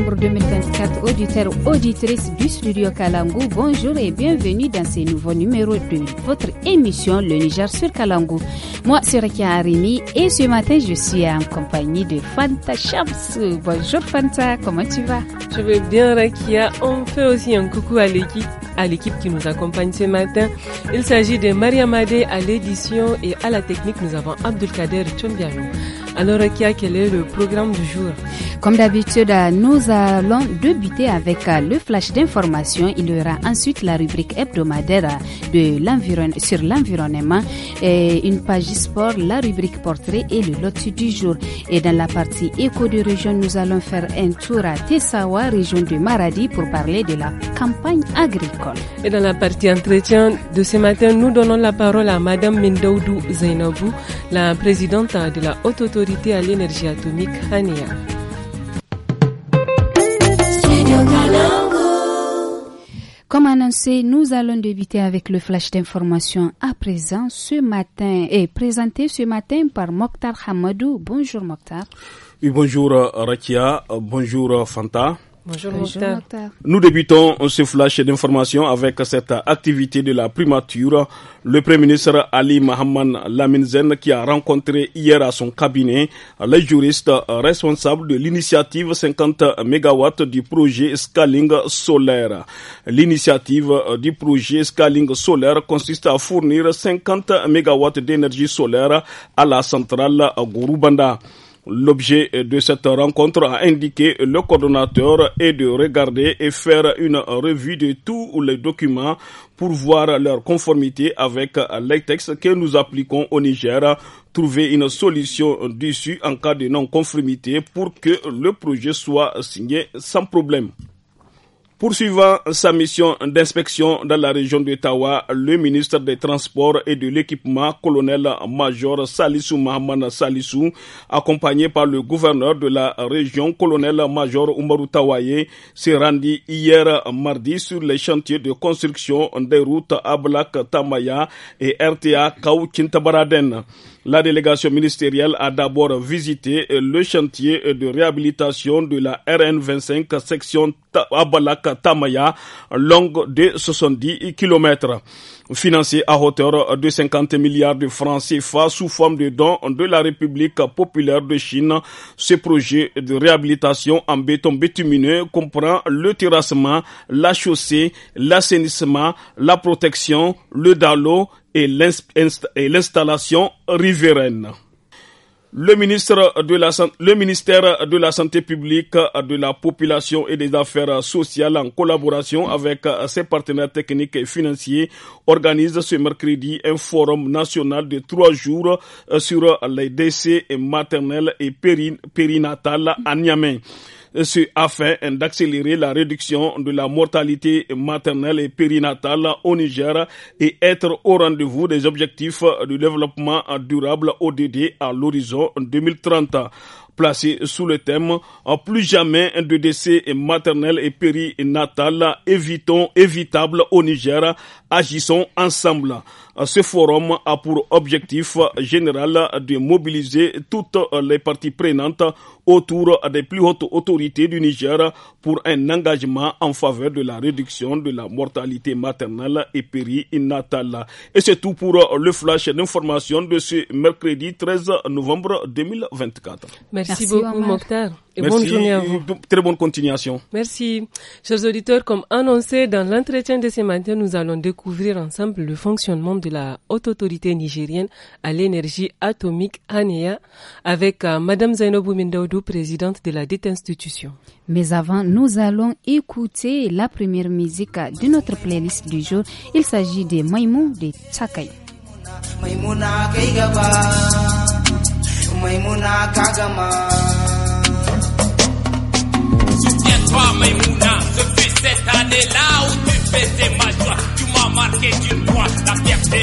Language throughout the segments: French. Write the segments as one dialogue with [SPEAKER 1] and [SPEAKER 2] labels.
[SPEAKER 1] novembre 2024, auditeurs, auditrices du studio Kalangu, bonjour et bienvenue dans ce nouveau numéro de votre émission Le Niger sur Kalangu. Moi, c'est Rakia Arimi et ce matin, je suis en compagnie de Fanta Shams. Bonjour Fanta,
[SPEAKER 2] comment tu vas Je vais bien Rakia. On fait aussi un coucou à l'équipe à l'équipe qui nous accompagne ce matin. Il s'agit de Mariamade à l'édition et à la technique, nous avons Abdelkader Chombiano. Alors Rakia quel est le programme du jour
[SPEAKER 1] comme d'habitude, nous allons débuter avec euh, le flash d'information. Il y aura ensuite la rubrique hebdomadaire de sur l'environnement une page sport, la rubrique portrait et le lot du jour. Et dans la partie éco de région, nous allons faire un tour à Tessawa, région de Maradi, pour parler de la campagne agricole.
[SPEAKER 2] Et dans la partie entretien de ce matin, nous donnons la parole à Madame Mindoudou Zainabou, la présidente de la Haute Autorité à l'énergie atomique, Hania.
[SPEAKER 1] Comme annoncé, nous allons débuter avec le flash d'information à présent ce matin et présenté ce matin par Mokhtar Hamadou. Bonjour Mokhtar.
[SPEAKER 3] Oui, bonjour euh, Rakia, euh, bonjour euh, Fanta. Nous débutons ce flash d'information avec cette activité de la primature. Le Premier ministre Ali Mohamed Laminzen qui a rencontré hier à son cabinet les juristes responsables de l'initiative 50 MW du projet Scaling solaire. L'initiative du projet Scaling solaire consiste à fournir 50 MW d'énergie solaire à la centrale Gurubanda. L'objet de cette rencontre a indiqué le coordonnateur est de regarder et faire une revue de tous les documents pour voir leur conformité avec les textes que nous appliquons au Niger, trouver une solution dessus en cas de non-conformité pour que le projet soit signé sans problème. Poursuivant sa mission d'inspection dans la région de d'Ottawa, le ministre des Transports et de l'Équipement, colonel-major Salissou Mahaman Salissou, accompagné par le gouverneur de la région, colonel-major Umaru Tawaye, s'est rendu hier mardi sur les chantiers de construction des routes Ablak-Tamaya et RTA kaou la délégation ministérielle a d'abord visité euh, le chantier euh, de réhabilitation de la RN25 section abalaka tamaya longue de 70 kilomètres financé à hauteur de 50 milliards de francs CFA sous forme de dons de la République populaire de Chine. Ce projet de réhabilitation en béton bitumineux comprend le terrassement, la chaussée, l'assainissement, la protection, le dallo et l'installation riveraine. Le, de la, le ministère de la Santé publique, de la Population et des Affaires sociales, en collaboration avec ses partenaires techniques et financiers, organise ce mercredi un forum national de trois jours euh, sur les décès maternels et périnatales à Niamey afin d'accélérer la réduction de la mortalité maternelle et périnatale au Niger et être au rendez-vous des objectifs du développement durable ODD à l'horizon 2030 placé sous le thème plus jamais de décès maternels et périnatales évitons évitables au Niger agissons ensemble ce forum a pour objectif général de mobiliser toutes les parties prenantes autour des plus hautes autorités du Niger pour un engagement en faveur de la réduction de la mortalité maternelle et périnatale. Et c'est tout pour le flash d'information de ce mercredi 13 novembre 2024.
[SPEAKER 2] Merci, Merci beaucoup, Mokhtar. Et Merci.
[SPEAKER 3] bonne Très bonne continuation.
[SPEAKER 2] Merci. Chers auditeurs, comme annoncé dans l'entretien de ce matin, nous allons découvrir ensemble le fonctionnement de la haute autorité nigérienne à l'énergie atomique ANEA e avec euh, Madame Mindaoudou, présidente de la dite institution.
[SPEAKER 1] Mais avant, nous allons écouter la première musique de notre playlist du jour. Il s'agit des Maïmou de Tsakai.
[SPEAKER 4] Maïmouna Kagama
[SPEAKER 5] je Maïmouna, ce fut cette année-là où tu faisais ma joie. Tu m'as marqué d'une croix, la fierté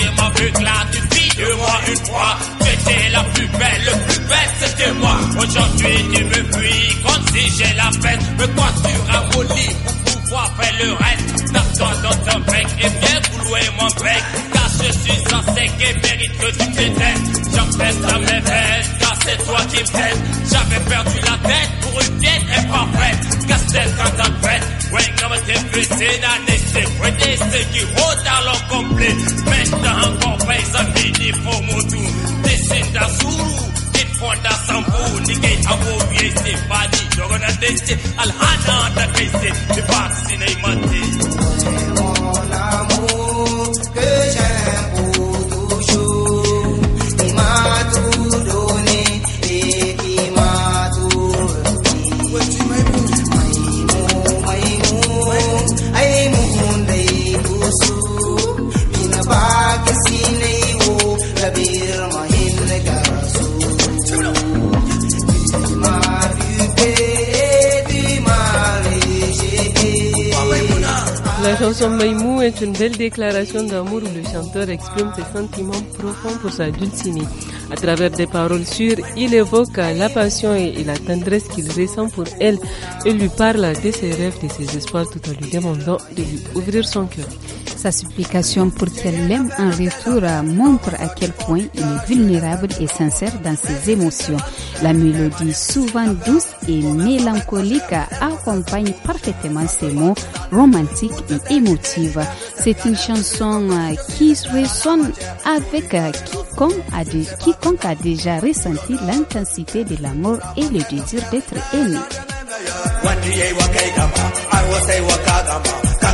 [SPEAKER 5] là. tu vis de moi une Tu j'ai la plus belle, le plus belle, c'était moi. Aujourd'hui, tu me fuis comme si j'ai la peine. Me crois sur un pour pouvoir faire le reste. toi dans ton bec et viens couler mon bec. Je suis un sec et mérite que tu m'éteigne. à mes méfaite, car c'est toi qui me J'avais perdu la tête pour une pièce imparfaite. Casse-tête quand t'as fait. Ouais, comme t'es blessé, l'année c'est fouetté, c'est qui rôde à l'en complet. Maintenant, encore face à mini pour mon tour. Des Dessine d'un sourd. fonda sampo ni kai abobi yace fadi dogon un destin alhana da kai sai ba sinai mate
[SPEAKER 2] chanson Maïmou est une belle déclaration d'amour où le chanteur exprime ses sentiments profonds pour sa dulcinée. À travers des paroles sûres, il évoque la passion et la tendresse qu'il ressent pour elle et lui parle de ses rêves, de ses espoirs tout en lui demandant de lui ouvrir son cœur sa
[SPEAKER 1] supplication pour qu'elle l'aime en retour montre à quel point il est vulnérable et sincère dans ses émotions. La mélodie souvent douce et mélancolique accompagne parfaitement ses mots romantiques et émotifs. C'est une chanson euh, qui résonne avec euh, quiconque a déjà ressenti l'intensité de l'amour et le désir d'être aimé.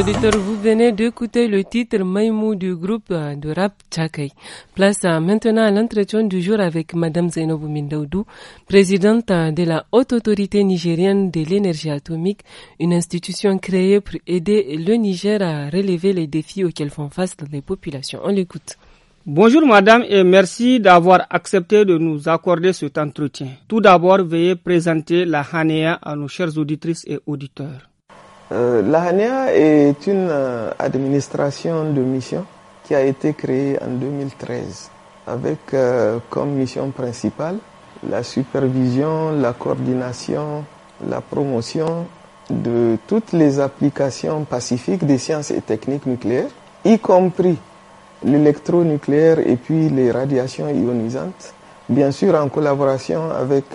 [SPEAKER 4] auditeurs,
[SPEAKER 2] vous venez d'écouter le titre Maïmou du groupe euh, de rap Tchakai. Place euh, maintenant à l'entretien du jour avec Madame Zainobou Mindaoudou, présidente euh, de la Haute Autorité nigérienne de l'énergie atomique, une institution créée pour aider le Niger à
[SPEAKER 6] relever les défis auxquels font face les populations. On l'écoute. Bonjour madame et merci d'avoir accepté de nous accorder cet entretien. Tout d'abord, veuillez présenter la HANEA à nos chers auditrices et auditeurs.
[SPEAKER 7] Euh, la HANEA est une euh, administration de mission qui a été créée en 2013 avec euh, comme mission principale la supervision, la coordination, la promotion de toutes les applications pacifiques des sciences et techniques nucléaires, y compris l'électronucléaire et puis les radiations ionisantes, bien sûr en collaboration avec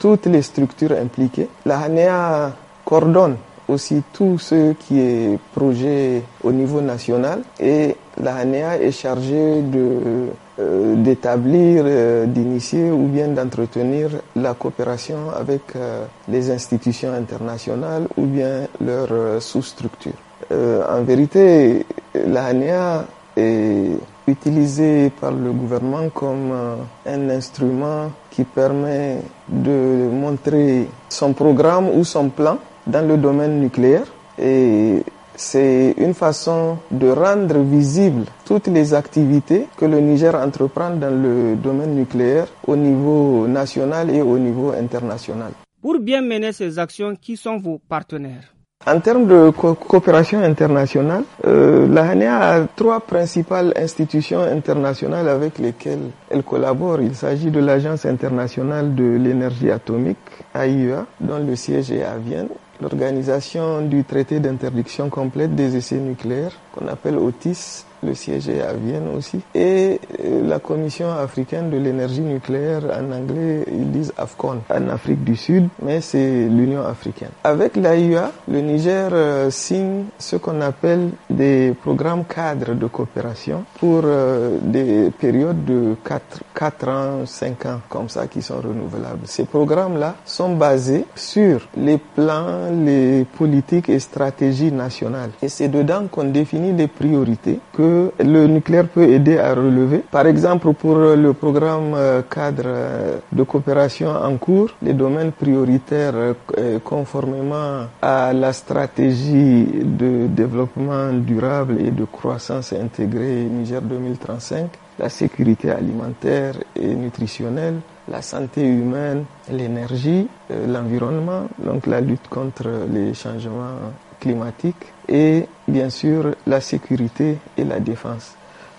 [SPEAKER 7] toutes les structures impliquées. La HANEA coordonne aussi tout ce qui est projet au niveau national et la ANEA est chargée de euh, d'établir, euh, d'initier ou bien d'entretenir la coopération avec euh, les institutions internationales ou bien leurs sous-structures. en vérité, la e est utilisée par le gouvernement comme un instrument qui permet de montrer son programme ou son plan dans le domaine nucléaire et c'est une façon de rendre visible toutes les activités que le Niger entreprend dans le domaine nucléaire au niveau national et au niveau international.
[SPEAKER 6] Pour bien mener ces actions, qui sont vos partenaires
[SPEAKER 7] en termes de coopération internationale, euh, la HANEA a trois principales institutions internationales avec lesquelles elle collabore. Il s'agit de l'Agence internationale de l'énergie atomique, AIEA, e dont le siège est à Vienne, l'organisation du traité d'interdiction complète des essais nucléaires qu'on appelle OTIS le siège est à Vienne aussi. Et euh, la Commission africaine de l'énergie nucléaire, en anglais, ils disent AFCON, en Afrique du Sud, mais c'est l'Union africaine. Avec l'AIUA, le Niger euh, signe ce qu'on appelle des programmes cadres de coopération pour euh, des périodes de 4, 4 ans, 5 ans, comme ça, qui sont renouvelables. Ces programmes-là sont basés sur les plans, les politiques et stratégies nationales. Et c'est dedans qu'on définit les priorités que le nucléaire peut aider à relever. Par exemple, pour euh, le programme euh, cadre euh, de coopération en cours, les domaines prioritaires conformément à la stratégie de développement durable et de croissance intégrée Niger 2035, la sécurité alimentaire et nutritionnelle, la santé humaine, l'énergie, l'environnement, donc la lutte contre les changements climatiques et bien sûr la sécurité et la défense.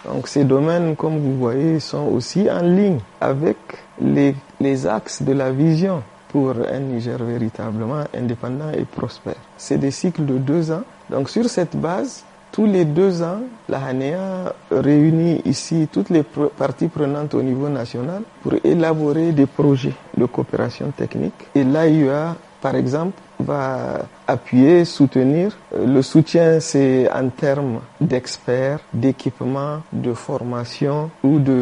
[SPEAKER 7] Donc ces domaines, comme vous voyez, sont aussi en ligne avec les, les axes de la vision pour un Niger véritablement indépendant et prospère. C'est des cycles de deux ans. Donc sur cette base, tous les deux ans, la HANEA réunit ici toutes les parties prenantes au niveau national pour élaborer des projets de coopération technique. Et l'AIEA par exemple, va appuyer, soutenir. Euh, le soutien, c'est en termes d'experts, d'équipements, de formation ou de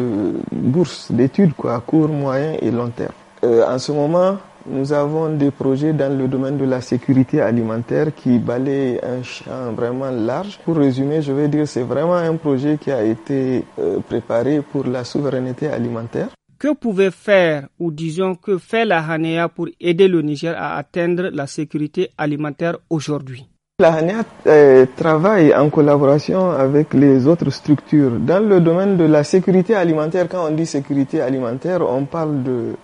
[SPEAKER 7] bourses d'études, quoi, à court, moyen et long terme. Euh, en ce moment, nous avons des projets dans le domaine de la sécurité alimentaire qui balayent un champ vraiment large. Pour résumer, je vais dire c'est vraiment un projet qui a été euh, préparé pour la souveraineté alimentaire.
[SPEAKER 6] Que pouvait faire ou disons que fait la Hanea pour aider le Niger à atteindre la sécurité alimentaire aujourd'hui
[SPEAKER 7] La Hanea euh, travaille en collaboration avec les autres structures. Dans le domaine de la sécurité alimentaire, quand on dit sécurité alimentaire, on parle de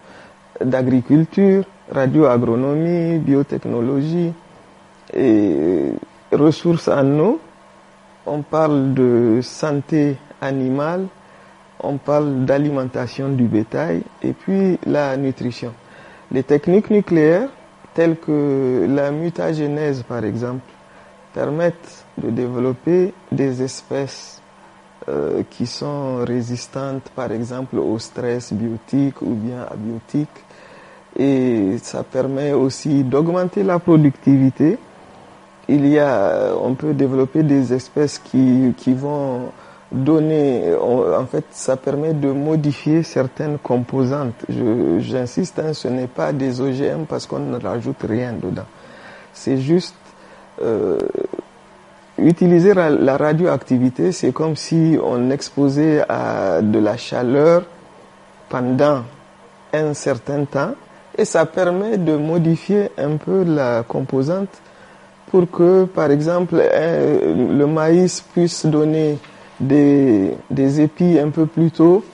[SPEAKER 7] d'agriculture, radioagronomie, biotechnologie et euh, ressources en eau. On parle de santé animale, on parle d'alimentation du bétail et puis la nutrition. Les techniques nucléaires, telles que la mutagenèse par exemple, permettent de développer des espèces euh, qui sont résistantes par exemple au stress biotique ou bien abiotique. Et ça permet aussi d'augmenter la productivité. Il y a, on peut développer des espèces qui, qui vont donner, euh, en fait, ça permet de modifier certaines composantes. J'insiste, hein, ce n'est pas des OGM parce qu'on ne rajoute rien dedans. C'est juste euh, utiliser la radioactivité, c'est comme si on exposait à de la chaleur pendant un certain temps et ça permet de modifier un peu la composante pour que, par exemple, le maïs puisse donner des, des épis un peu plus tôt,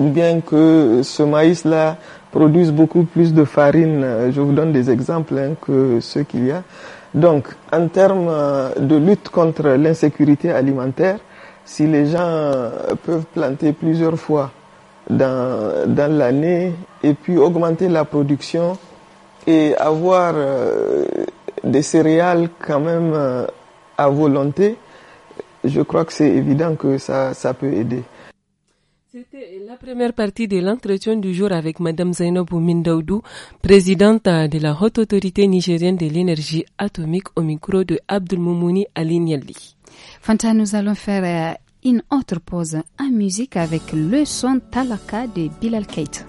[SPEAKER 7] ou bien que ce maïs-là produise beaucoup plus de farine. Je vous donne des exemples hein, que ceux qu'il y a. Donc, en termes euh, de lutte contre l'insécurité alimentaire, si les gens euh, peuvent planter plusieurs fois dans, dans l'année et puis augmenter la production et avoir euh, des céréales quand même à volonté, je crois que c'est évident que ça, peut aider.
[SPEAKER 2] C'était la première partie de l'entretien du jour avec Madame Zainabou Mindaoudou, présidente de la Haute Autorité nigérienne de l'énergie atomique au micro de Abdul Moumouni Alignali. Fanta, nous allons faire euh, une autre pause en musique avec le son
[SPEAKER 1] Talaka de Bilal Keit.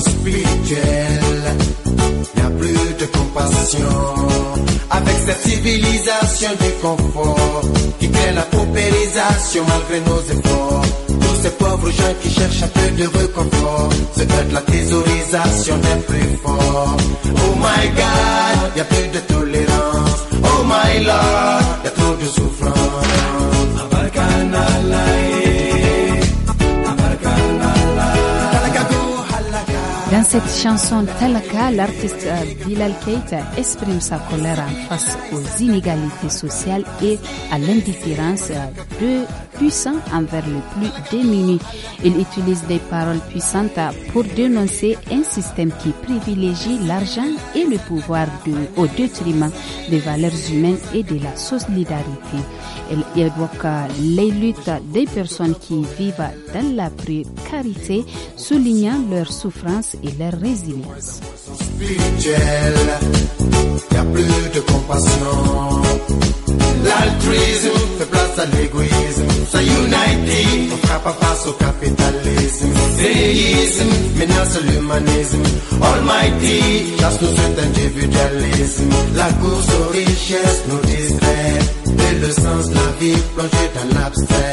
[SPEAKER 8] spirituel a plus de compassion avec cette civilisation du confort qui crée la paupérisation malgré nos efforts. Tous ces pauvres gens qui cherchent un peu de réconfort se de la thésaurisation des plus forts. Oh my God, il a plus de tolérance. Oh my Lord, il y a trop de souffrance.
[SPEAKER 1] cette chanson Talaka, l'artiste euh, Bilal Keita exprime sa colère en face aux inégalités sociales et à l'indifférence euh, de puissant envers le plus démunis. Il utilise des paroles puissantes pour dénoncer un système qui privilégie l'argent et le pouvoir au détriment des valeurs humaines et de la solidarité. Il évoque les luttes des personnes qui vivent dans la précarité, soulignant leur souffrance et leur résilience.
[SPEAKER 8] plus de compassion. L'altruisme fait place à l'égoïsme. ça united, on face au capitalisme. Séisme menace l'humanisme. Almighty chasse tout cet individualisme. La course aux richesses nous distrait. Et le sens de la vie plongée dans l'abstrait.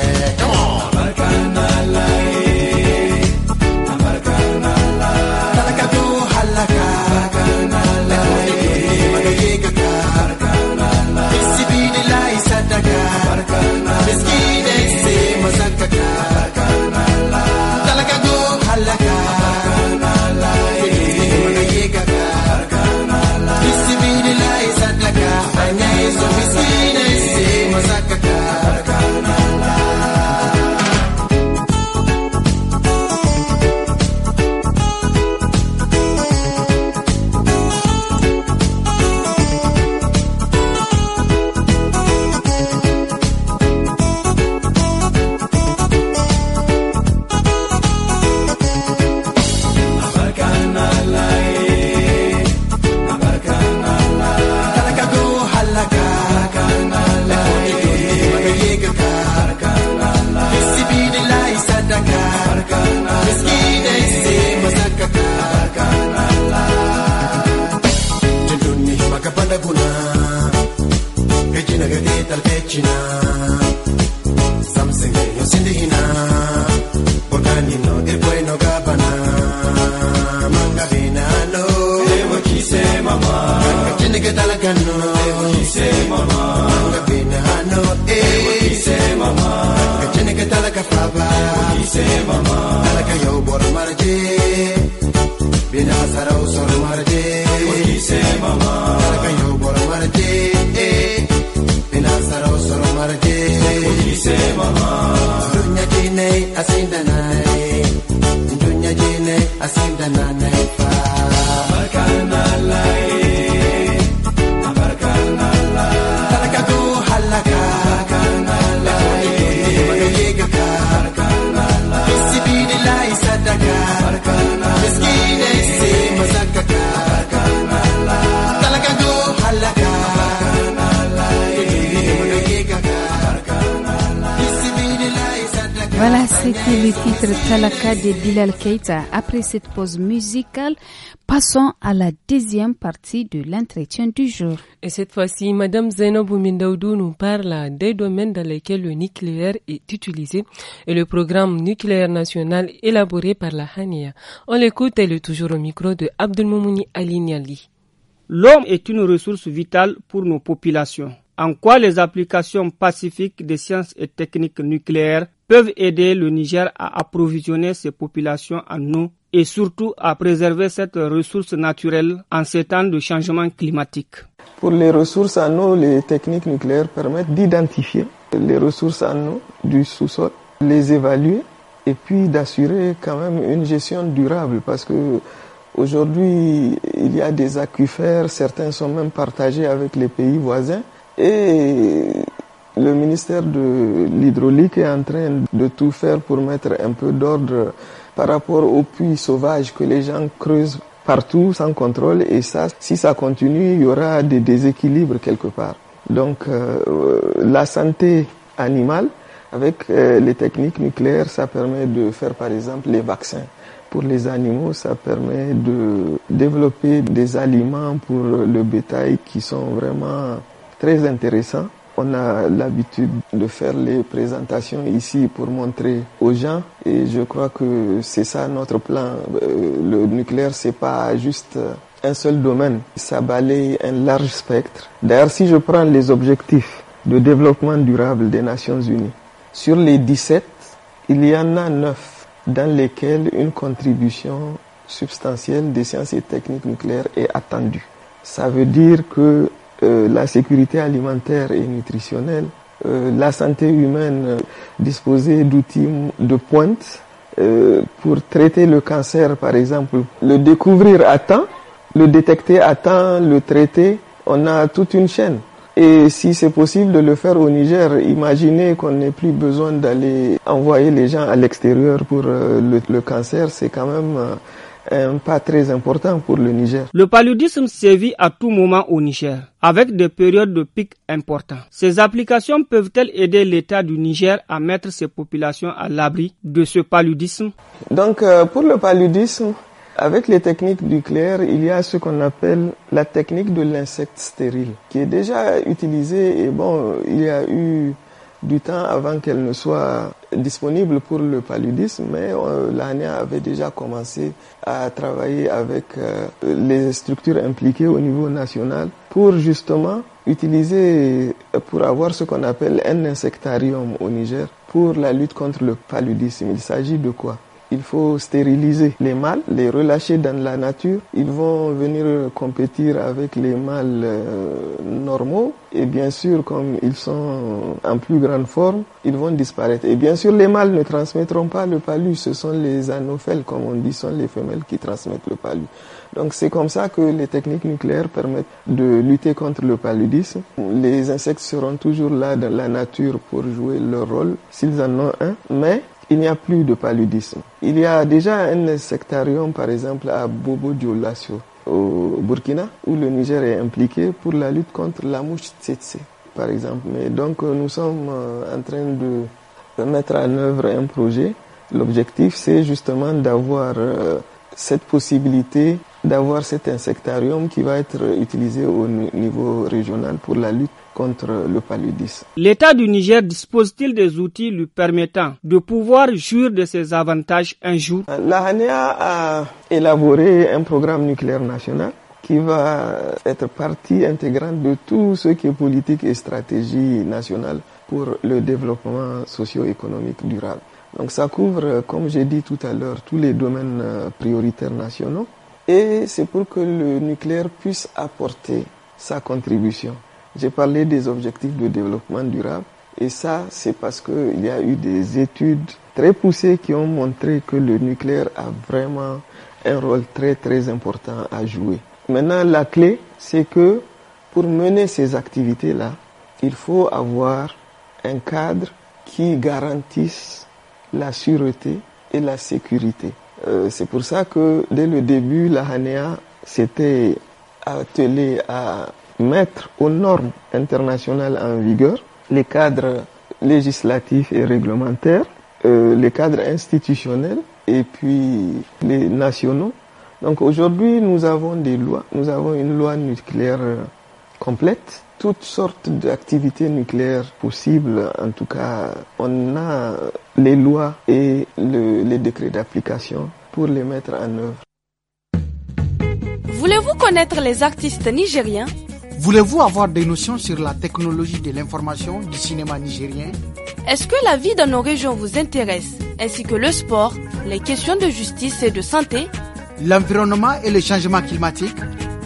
[SPEAKER 1] Talaka de Bilal Keita. Après cette pause musicale, passons à la deuxième partie de l'entretien du jour.
[SPEAKER 2] Et cette fois-ci, Madame Zainabou Mindaoudou nous parle des domaines dans lesquels le nucléaire est utilisé et le programme nucléaire national élaboré par la Hania. On l'écoute, elle est toujours au micro de Abdelmoumouni Alignali.
[SPEAKER 6] L'homme est une ressource vitale pour nos populations en quoi les applications pacifiques des sciences et techniques nucléaires peuvent aider le Niger à approvisionner ses populations en eau et surtout à préserver cette ressource naturelle en ces temps de changement climatique.
[SPEAKER 7] Pour les ressources en eau, les techniques nucléaires permettent d'identifier les ressources en eau du sous-sol, les évaluer et puis d'assurer quand même une gestion durable parce que aujourd'hui il y a des aquifères, certains sont même partagés avec les pays voisins et le ministère de l'hydraulique est en train de tout faire pour mettre un peu d'ordre par rapport aux puits sauvages que les gens creusent partout sans contrôle et ça, si ça continue, il y aura des déséquilibres quelque part. Donc euh, euh, la santé animale avec euh, les techniques nucléaires, ça permet de faire par exemple les vaccins. Pour les animaux, ça permet de développer des aliments pour le bétail qui sont vraiment très intéressants on a l'habitude de faire les présentations ici pour montrer aux gens et je crois que c'est ça notre plan. Euh, le nucléaire, c'est pas juste un seul domaine, ça balaye un large spectre. D'ailleurs, si je prends les objectifs de développement durable des Nations Unies, sur les 17, il y en a 9 dans lesquels une contribution substantielle des sciences et techniques nucléaires est attendue. Ça veut dire que euh, la sécurité alimentaire et nutritionnelle, euh, la santé humaine, euh, disposer d'outils de pointe pour traiter le cancer, par exemple, le découvrir à temps, le détecter à temps, le traiter, on a toute une chaîne. Et si c'est possible de le faire au Niger, imaginez qu'on n'ait plus besoin d'aller envoyer les gens à l'extérieur pour le cancer, c'est quand même un pas très important pour le Niger.
[SPEAKER 6] Le paludisme sévit à tout moment au Niger, avec des périodes de pic importants. Ces applications peuvent-elles aider l'État du Niger à mettre ses populations à l'abri de ce paludisme
[SPEAKER 7] Donc, euh, pour le paludisme, avec les techniques nucléaires, il y a ce qu'on appelle la technique de l'insecte stérile, qui est déjà utilisée et bon, il y a eu du temps avant qu'elle ne soit disponible pour le paludisme, mais euh, l'ANIA avait déjà commencé à travailler avec euh, les structures impliquées au niveau national pour justement utiliser, euh, pour avoir ce qu'on appelle un insectarium au Niger pour la lutte contre le paludisme. Il s'agit de quoi il faut stériliser les mâles, les relâcher dans la nature. Ils vont venir compétir avec les mâles euh, normaux et bien sûr comme ils sont en plus grande forme, ils vont disparaître. Et bien sûr les mâles ne transmettront pas le palu, ce sont les anophèles comme on dit, sont les femelles qui transmettent le palu. Donc c'est comme ça que les techniques nucléaires permettent de lutter contre le paludisme. Les insectes seront toujours là dans la nature pour jouer leur rôle s'ils en ont un, mais il n'y a plus de paludisme. Il y a déjà un sectarium, par exemple, à Bobo Dioulasso, au Burkina, où le Niger est impliqué pour la lutte contre la mouche tsetse, par exemple. Mais donc, euh, nous sommes euh, en train de mettre en œuvre un projet. L'objectif, c'est justement d'avoir euh, cette possibilité d'avoir cet insectarium qui va être utilisé au niveau régional pour la lutte contre le paludisme.
[SPEAKER 6] L'État du Niger dispose-t-il des outils lui permettant de pouvoir jouir de ses avantages un jour
[SPEAKER 7] La HANEA a élaboré un programme nucléaire national qui va être partie intégrante de tout ce qui est politique et stratégie nationale pour le développement socio-économique durable. Donc ça couvre, comme j'ai dit tout à l'heure, tous les domaines euh, prioritaires nationaux et c'est pour que le nucléaire puisse apporter sa contribution. J'ai parlé des objectifs de développement durable et ça, c'est parce qu'il y a eu des études très poussées qui ont montré que le nucléaire a vraiment un rôle très très important à jouer. Maintenant, la clé, c'est que pour mener ces activités-là, il faut avoir un cadre qui garantisse la sûreté et la sécurité. Euh, c'est pour ça que dès le début, la HANEA s'était attelée à mettre aux normes internationales en vigueur les cadres législatifs et réglementaires, euh, les cadres institutionnels et puis les nationaux. Donc aujourd'hui, nous avons des lois. Nous avons une loi nucléaire euh, complète toutes sortes d'activités nucléaires possibles. En tout cas, on a les lois et les décrets d'application pour les mettre en œuvre.
[SPEAKER 9] Voulez-vous connaître les artistes nigériens
[SPEAKER 7] Voulez-vous
[SPEAKER 8] avoir des notions sur la technologie de l'information du cinéma nigérien
[SPEAKER 9] Est-ce que la vie dans nos régions vous intéresse, ainsi que le sport, les questions de justice et de santé
[SPEAKER 8] L'environnement et le changement climatique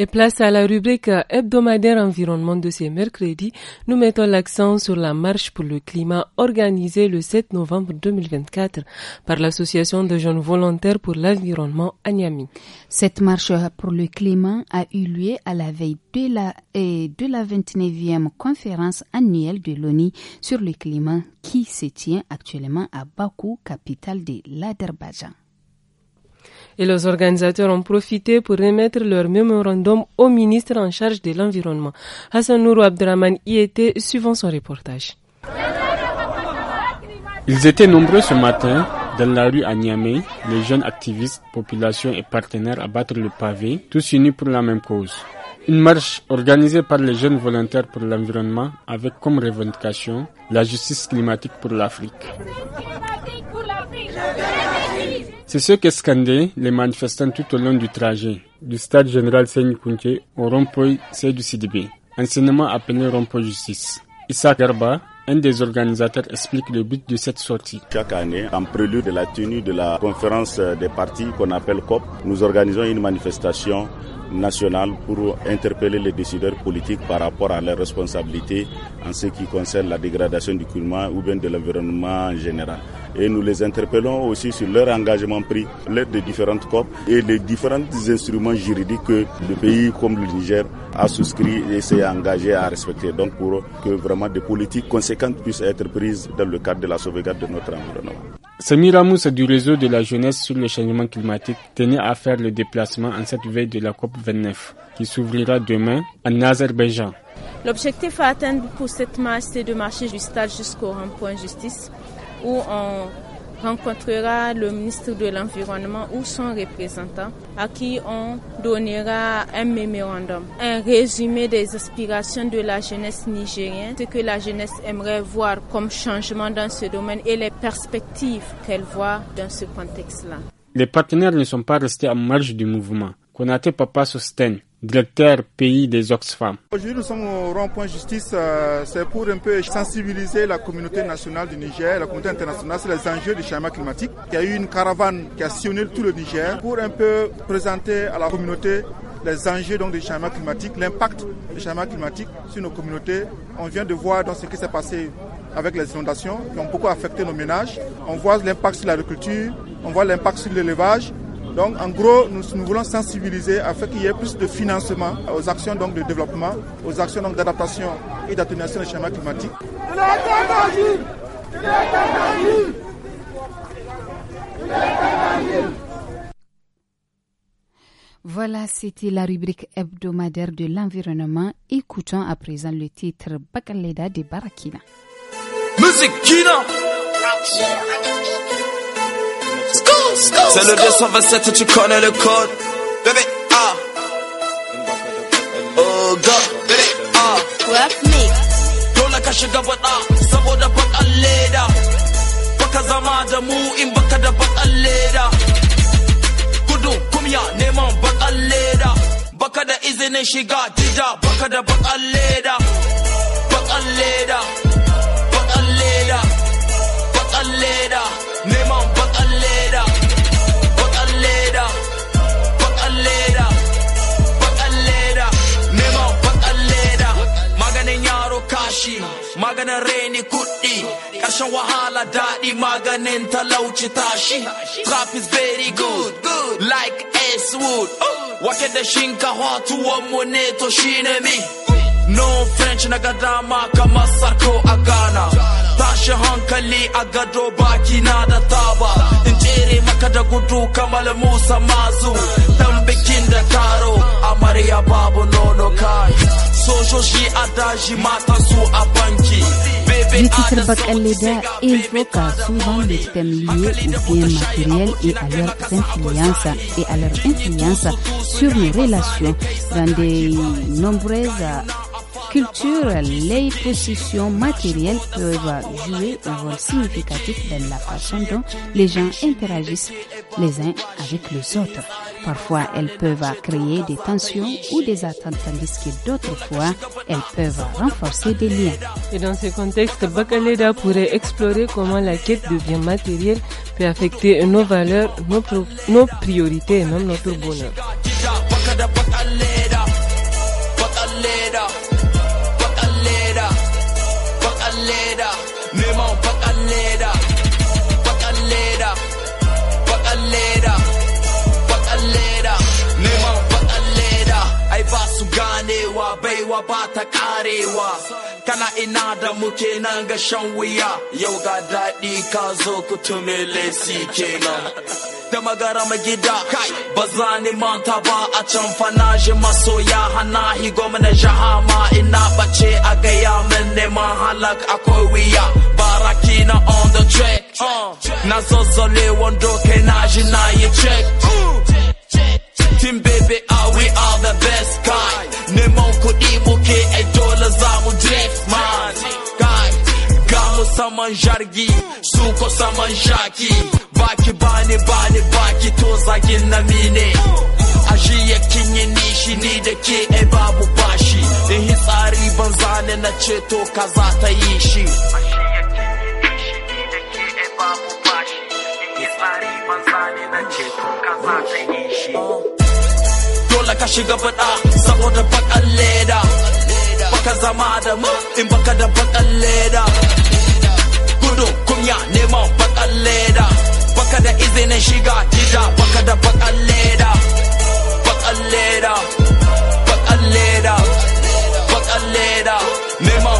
[SPEAKER 2] Et place à la rubrique hebdomadaire environnement de ce mercredi. Nous mettons l'accent sur la marche pour le climat organisée le 7 novembre 2024 par l'association de jeunes volontaires pour l'environnement Anyami. Cette marche pour le climat
[SPEAKER 1] a eu lieu à la veille de la, de la 29e conférence annuelle de l'ONU sur le climat qui se tient actuellement à Bakou, capitale de l'Azerbaïdjan
[SPEAKER 2] et les organisateurs ont profité pour remettre leur mémorandum au ministre en charge de l'environnement. Hassan Nourou Abdraman y était, suivant son reportage.
[SPEAKER 10] Ils étaient nombreux ce matin dans la rue à Niamey, les jeunes activistes, populations et partenaires à battre le pavé, tous unis pour la même cause. Une marche organisée par les jeunes volontaires pour l'environnement avec comme revendication la justice climatique pour l'Afrique. C'est ce que scandé les manifestants tout au long du trajet du stade général Seigne Kunke au rond-point CDB, un anciennement appelé rond justice. Issa Garba, un des organisateurs explique le but de cette sortie. Chaque
[SPEAKER 3] année, en prélude de la tenue de la conférence des partis qu'on appelle COP, nous organisons une manifestation nationale pour interpeller les décideurs politiques par rapport à leurs responsabilités en ce qui concerne la dégradation du climat ou bien de l'environnement en général. Et nous les interpellons aussi sur leur engagement pris, l'aide des différentes COP et les différents instruments juridiques que le pays comme le Niger a souscrit et s'est engagé à respecter. Donc pour que vraiment des politiques conséquentes puissent être prises dans le cadre de la sauvegarde de notre environnement.
[SPEAKER 10] Samira Moussa du réseau de la jeunesse sur le changement climatique tenait à faire le déplacement en cette veille de la COP29 qui s'ouvrira demain en Azerbaïdjan.
[SPEAKER 2] L'objectif à atteindre pour cette marche, c'est de marcher du jusqu'au point point justice où on rencontrera le ministre de l'Environnement ou son représentant à qui on donnera
[SPEAKER 11] un mémorandum, un résumé des aspirations de la jeunesse nigérienne, ce que la jeunesse aimerait voir comme changement dans ce domaine et les perspectives qu'elle voit
[SPEAKER 12] dans ce contexte-là.
[SPEAKER 10] Les partenaires ne sont pas restés à marge du mouvement. Konate Papa Sosten, directeur pays des Oxfam.
[SPEAKER 12] Aujourd'hui, nous sommes au rond-point justice. Euh, c'est pour un peu sensibiliser la communauté nationale du Niger, la communauté internationale sur les enjeux du changement climatique. Il y a eu une caravane qui a sillonné tout le Niger pour un peu présenter à la communauté les enjeux donc, du changement climatique, l'impact du changement climatique sur nos communautés. On vient de voir dans ce qui s'est passé avec les inondations qui ont beaucoup affecté nos ménages. On voit l'impact sur l'agriculture, on voit l'impact sur l'élevage, donc en gros, nous, nous voulons sensibiliser afin qu'il y ait plus de financement aux actions donc, de développement, aux actions d'adaptation et d'atténuation des changements climatiques.
[SPEAKER 1] Voilà, c'était la rubrique hebdomadaire de l'environnement. Écoutons à présent le titre Bakaleda de Barakina.
[SPEAKER 5] Musique C'est le 227 et tu connais le code. Bébé, ah. Oh, God, bébé, ah. Rap mix. Dole ka shiga bada bat bakan leda. Baka zama da mu in baka da bakan leda. Gudun kumya neman bakan leda. Baka da izinin shiga dida baka da bakan leda. Bakan leda. maganin reni kuɗi ƙarshen wahala daɗi maganin talauci tashi trap is very good good like S wood wake da shinkawa tuwon mu to shine mi no french na gadama kamar sarko a ghana hankali a baki na da taba in tsere maka da gudu kamar musa mazu dan bikin da amari amarya babu nono kai L'utile
[SPEAKER 1] Leda évoque souvent les thèmes liés aux biens matériels et à leur influence et à leur influence sur nos relations dans de nombreuses culture, les possessions matérielles peuvent jouer un rôle significatif dans la façon dont les gens interagissent les uns avec les autres. Parfois, elles peuvent créer des tensions ou des attentes, tandis que d'autres fois, elles peuvent renforcer des liens.
[SPEAKER 2] Et dans ce contexte, Bakaleda pourrait explorer comment la quête de biens matériels peut affecter nos valeurs, nos, nos priorités et même notre bonheur.
[SPEAKER 5] ba ta karewa kana ina da muke nan ga shan wuya yau ga daɗi ka zo ku tume lesi kenan da magara gida kai ba za ni manta ba a can fana shi masoya hana hi gwamna jaha ma ina bace a gaya min neman halak akwai wuya baraki na on the track uh. na zazzale wando kai na shi na yi check Team baby, ah, we are the best guy. 내 몸코이 무게에 돌아서 drift만. Guy, 가무 사만 жар기, 수고 사만 샤기. 바퀴 bani 바니 바퀴 도사긴 나 Aji ajiye kinyi nishi ni da ke e babu bashi in hitsari ban zane na ceto ka za ta yi e Babu bashi, in hitsari ban zane na ceto ka za ka shiga bada saboda bakan leda baka zama da mu in baka da bakan leda gudu kunya neman bakan leda baka da izinin shiga gida baka da bakan leda bakan leda bakan leda bakan leda neman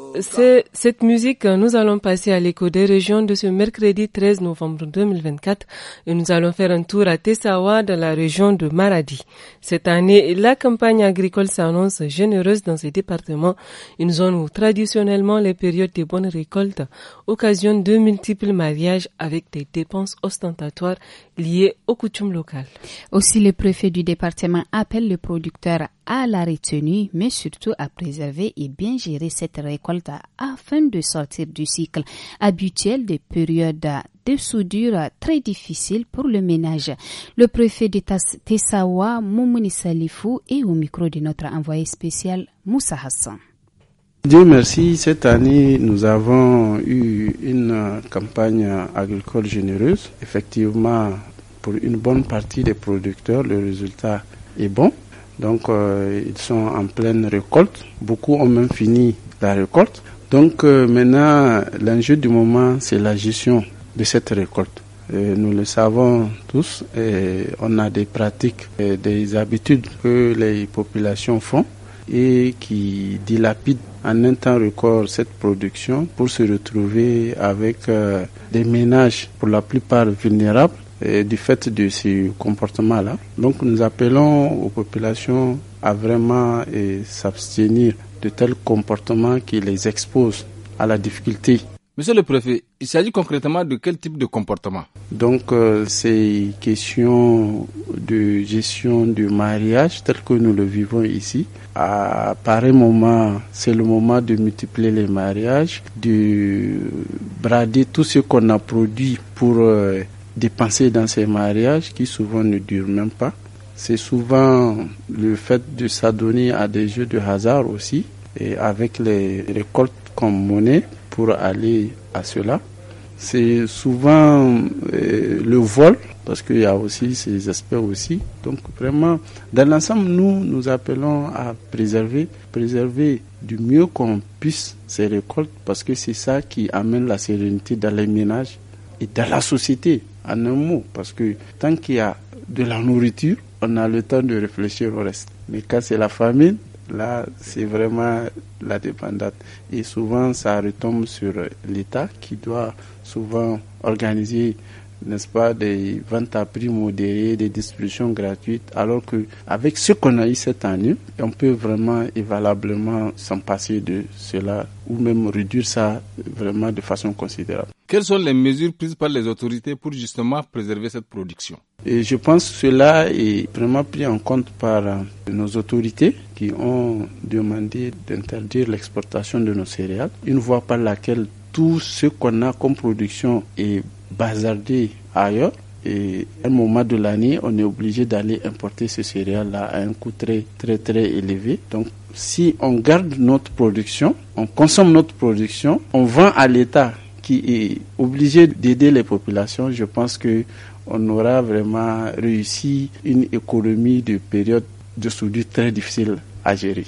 [SPEAKER 2] c'est cette musique, euh, nous allons passer à l'écho des régions de ce mercredi 13 novembre 2024 et nous allons faire un tour à Tessawa dans la région de Maradi. Cette année, la campagne agricole s'annonce généreuse dans ce département, une zone euh, où traditionnellement les périodes de bonnes récoltes occasionnent de multiples mariages avec des dépenses ostentatoires liées aux coutumes locales. Aussi, le préfet du département appelle les producteurs à la retenue, mais surtout
[SPEAKER 1] à préserver et bien gérer cette récolte afin de sortir du cycle habituel des périodes de soudure très difficiles pour le ménage. Le préfet de Tessawa, Moumouni Salifou, est au micro de notre envoyé spécial Moussa Hassan.
[SPEAKER 12] Dieu merci, cette année nous avons eu une campagne agricole généreuse. Effectivement, pour une bonne partie des producteurs, le résultat est bon. Donc euh, ils sont en pleine récolte. Beaucoup ont même fini la récolte. Donc euh, maintenant, l'enjeu du moment, c'est la gestion de cette récolte. Euh, nous le savons tous, et on a des pratiques, et des habitudes que les populations font et qui dilapident en un temps record cette production pour se retrouver avec des ménages pour la plupart vulnérables du fait de ces comportements-là. Donc nous appelons aux populations à vraiment eh, s'abstenir de tels comportements qui les exposent à la difficulté.
[SPEAKER 13] Monsieur le préfet, il s'agit concrètement de quel type de comportement
[SPEAKER 12] Donc, euh, c'est question de gestion du mariage tel que nous le vivons ici. À pareil moment, c'est le moment de multiplier les mariages, de brader tout ce qu'on a produit pour euh, dépenser dans ces mariages qui souvent ne durent même pas. C'est souvent le fait de s'adonner à des jeux de hasard aussi, et avec les récoltes comme monnaie pour aller à cela. C'est souvent euh, le vol, parce qu'il y a aussi ces aspects aussi. Donc vraiment, dans l'ensemble, nous, nous appelons à préserver, préserver du mieux qu'on puisse ces récoltes, parce que c'est ça qui amène la sérénité dans les ménages et dans la société en un mot, parce que tant qu'il y a de la nourriture, on a le temps de réfléchir au reste. Mais quand c'est la famine, là, c'est vraiment la dépendance. Et souvent, ça retombe sur l'État qui doit souvent organiser n'est-ce pas, des ventes à prix modérés, des distributions gratuites, alors que avec ce qu'on a eu cette année, on peut vraiment et valablement s'en passer de cela ou même réduire ça vraiment de façon considérable.
[SPEAKER 13] Quelles sont les mesures prises par les autorités pour justement préserver cette production
[SPEAKER 12] et Je pense que cela est vraiment pris en compte par euh, nos autorités qui ont demandé d'interdire l'exportation de nos céréales, une voie par laquelle tout ce qu'on a comme production est bazardé ailleurs. Et à un moment de l'année, on est obligé d'aller importer ces céréales-là à un coût très, très, très élevé. Donc, si on garde notre production, on consomme notre production, on vend à l'État qui est obligé d'aider les populations, je pense que on aura vraiment réussi une économie de période de soudure très difficile à gérer.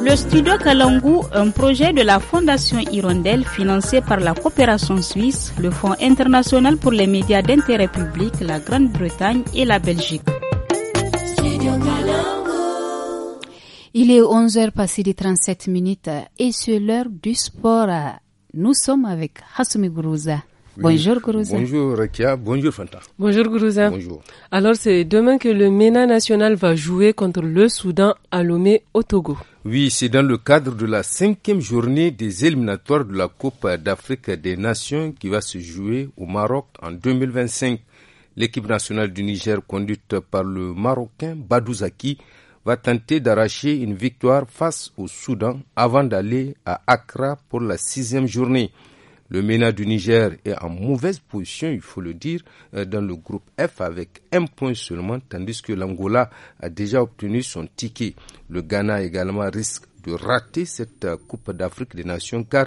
[SPEAKER 1] Le studio Kalangu, un projet de la Fondation Hirondelle financé par la coopération suisse, le Fonds international pour les médias d'intérêt public, la Grande-Bretagne et la Belgique. Il est 11h passé de 37 minutes et c'est l'heure du sport.
[SPEAKER 2] Nous sommes avec Hassoumi Gourouza.
[SPEAKER 13] Bonjour Gourouza. Bonjour Rekia, bonjour Fanta. Bonjour Gourouza. Bonjour.
[SPEAKER 2] Alors c'est demain que le MENA national va jouer contre le Soudan à Lomé au Togo.
[SPEAKER 13] Oui, c'est dans le cadre de la cinquième journée des éliminatoires de la Coupe d'Afrique des Nations qui va se jouer au Maroc en 2025. L'équipe nationale du Niger conduite par le Marocain Badouzaki va tenter d'arracher une victoire face au Soudan avant d'aller à Accra pour la sixième journée. Le ména du Niger est en mauvaise position, il faut le dire, euh, dans le groupe F avec un point seulement, tandis que l'Angola a déjà obtenu son ticket. Le Ghana également risque de rater cette euh, Coupe d'Afrique des Nations car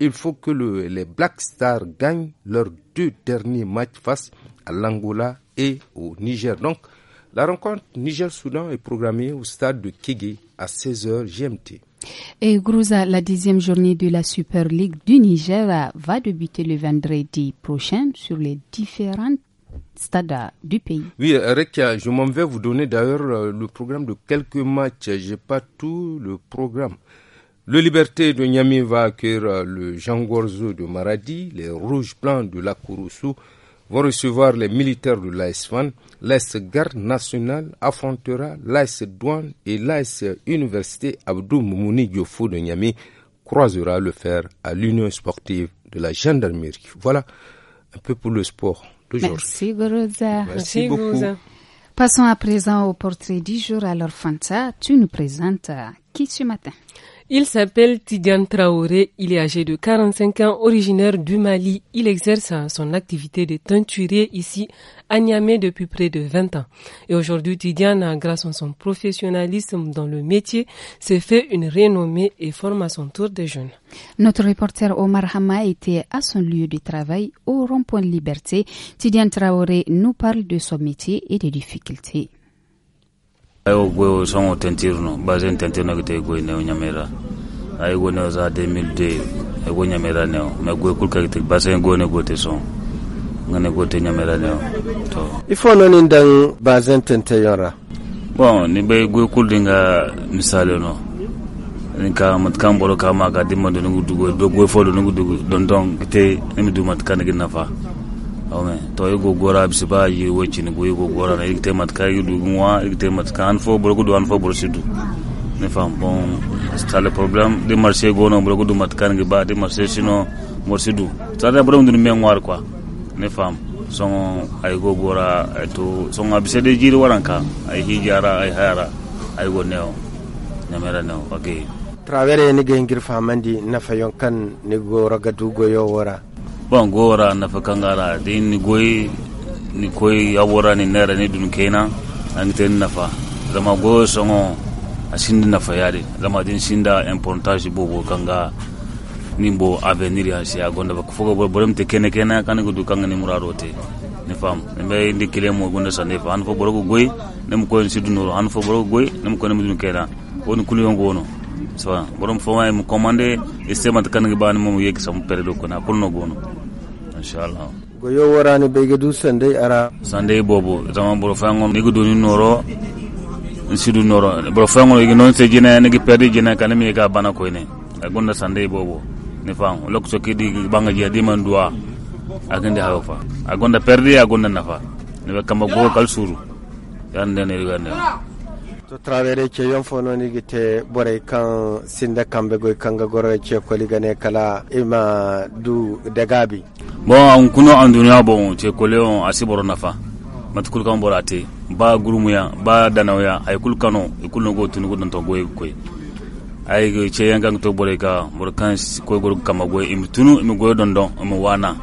[SPEAKER 13] il faut que les Black Stars gagnent leurs deux derniers matchs face à l'Angola et au Niger. Donc, la rencontre Niger-Soudan est programmée au stade de Kégué à 16h GMT.
[SPEAKER 1] Et Grouza, la dixième journée de la Super League du Niger va débuter le vendredi prochain sur les différents stades du pays.
[SPEAKER 13] Oui, Rekia, je m'en vais vous donner d'ailleurs euh, le programme de quelques matchs. Je n'ai pas tout le programme. Le Liberté de Niamey va accueillir euh, le Jean Gorzo de Maradi. Les Rouges Blancs de la Kouroussou vont recevoir les militaires de l'ASFAN l'AS Garde nationale affrontera l'AS Douane et l'AS Université Abdou Moumouni Dioufou de Niamey croisera le fer à l'Union sportive de la gendarmerie. Voilà un peu pour le sport d'aujourd'hui.
[SPEAKER 1] Merci, Gourouza. Merci, Passons à présent au portrait du jour. Alors, Fanta, tu nous présentes qui ce matin
[SPEAKER 2] il s'appelle Tidiane Traoré, il est âgé de 45 ans, originaire du Mali. Il exerce son activité de teinturier ici à Niamey depuis près de 20 ans. Et aujourd'hui, Tidiane, grâce à son professionnalisme dans le métier, s'est fait une renommée et forme à son tour des jeunes.
[SPEAKER 1] Notre reporter Omar Hama était à son lieu de travail au rond-point Liberté. Tidiane Traoré nous parle de son métier et des difficultés.
[SPEAKER 14] ayo gweo sõngo tentirno bazen tentirno kite gwe neo nyamera ayi gwe neo za 2002 ay gwe nyamera neo me gwe kulka kite bazen gwe ne gwe te sõngo ne gwe te nyamera neo to
[SPEAKER 15] ifo no ni dan bazen tente yora
[SPEAKER 14] bon ni be gwe kuldinga misale no ka matkan bolo kama ka dimma do nugu dugo do gwe fo do nugu dugo don don kite ni mi du matkan gi nafa ome to igo gora bisiba yi wechin go igo gora na ikte mat kai du ngwa ikte mat kan fo bol ko do fo bol sidu ne fam bon stale problem de marché go no bol ko do mat kan ge ba de marché sino mor sidu ta da bro ndun me ngwar kwa ne fam son ay go gora to son abise de jiri waranka ay hijara ay hara ay go neo ne mera neo okay
[SPEAKER 15] travere ni gengir famandi na fayon kan ni go raga go yo wora
[SPEAKER 14] bon gora na fakangara din ni goyi ni koy awora ni nera ni dun kena an ten nafa zama go songo a sindi nafa yade zama din sinda importance bobo kanga nimbo avenir ya siya gonda bak fogo bo bolem te kene kena kan go du kanga ni muraro te ne fam ne be ndi kile mo gonda sa ne fam an fo borogo goy ne mo ko sidunoro an fo borogo goy ne mo ko ne dun kena woni kuliyon gono swa borom fo may mu commandé e semat kan nga ban mom yegi sam perdo ko na no gono inshallah
[SPEAKER 15] go yo warani be du sande ara
[SPEAKER 14] sande bobo tama fa ngon ni gudu ni noro sidu noro fa ngon yegi non se jina ni gi perdi jina kan mi ga bana ko ne gonda sande bobo ni fam lok so ki di banga je di man duwa agande ha fa agonda perdi agonda nafa ni ba kam go kal suru yande ne rigande
[SPEAKER 15] to traveler ke yon fono ni gite bore kan sinda kambe goy kan ga gore ke koli gane kala ima du dagabi
[SPEAKER 14] bo an kuno an duniya bo te ko le on asiboro nafa matukul kan borate ba gurumuya ba danawya ay kul kano e kul no go tunu go don to goy koy ay go che yang to bore ka bor kan ko go kama goy im tunu im goy don don am wana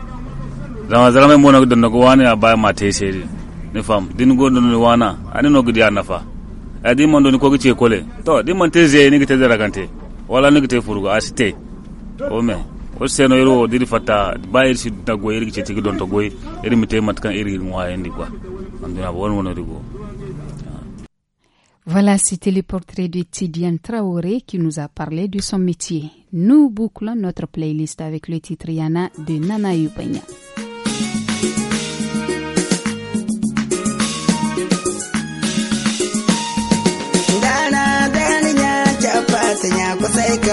[SPEAKER 14] zama zama mo na don go wana ba ma te seri ne fam din go don wana ani no gidi nafa adi eh, man doni kogi ce kole to di man te zeye nigi te dara wala nigi te furugo asite o me o seno yero o diri fata ba yiri si na goy yiri ce tigi don to yiri mi te matkan yiri ngwa yendi kwa anduna bon wono rigo
[SPEAKER 1] Voilà, c'était le portrait de Tidiane Traoré qui nous a parlé de son métier. Nous bouclons notre playlist avec le titre Yana de Nana Yupanya.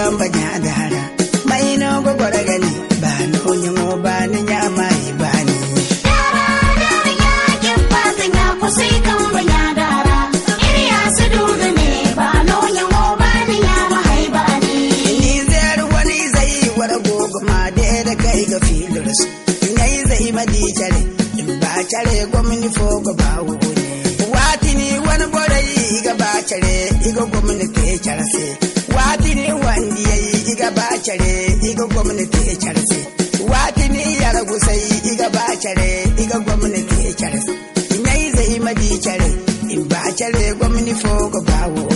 [SPEAKER 11] bamba nyada hara mai no gogora gani ba no nyamo ba ni nyama ibani yara
[SPEAKER 16] yara ya ke fata nya kusai kan banya dara ya su dubi ne ba no nyamo ba ni nyama haibani
[SPEAKER 11] ni zai wani zai wara gogoma da da kai ga filirsu nai zai madi care in ba care gwamni fogo ba wuri watini wani borai ga ba care iga gwamni ke carase yi iga bacare iga gwamnati ni ya ragu sai iga bacare iga gwamnati icarse yi zai madi care in bacare gwamnati fogo bawo